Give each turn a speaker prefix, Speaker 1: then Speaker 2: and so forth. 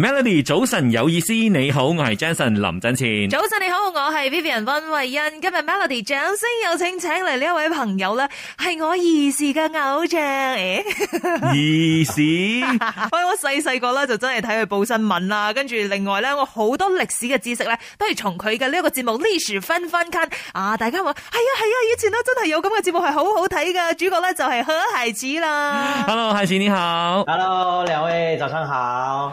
Speaker 1: Melody 早晨有意思，你好，我係 Jason 林振前，早
Speaker 2: 晨你好，我係 Vivian 溫慧欣。今日 Melody 掌聲有請，請嚟呢一位朋友啦，係我兒時嘅偶像。
Speaker 1: 兒 義時，
Speaker 2: 哎、我細細個咧就真係睇佢報新聞啦，跟住另外咧，我好多歷史嘅知識咧，都係從佢嘅呢一個節目《歷史分分看》啊！大家話係啊係啊，以前咧真係有咁嘅節目係好好睇噶，主角咧就係何孩子啦。
Speaker 1: Hello，孩子你好。Hello，兩位早上好。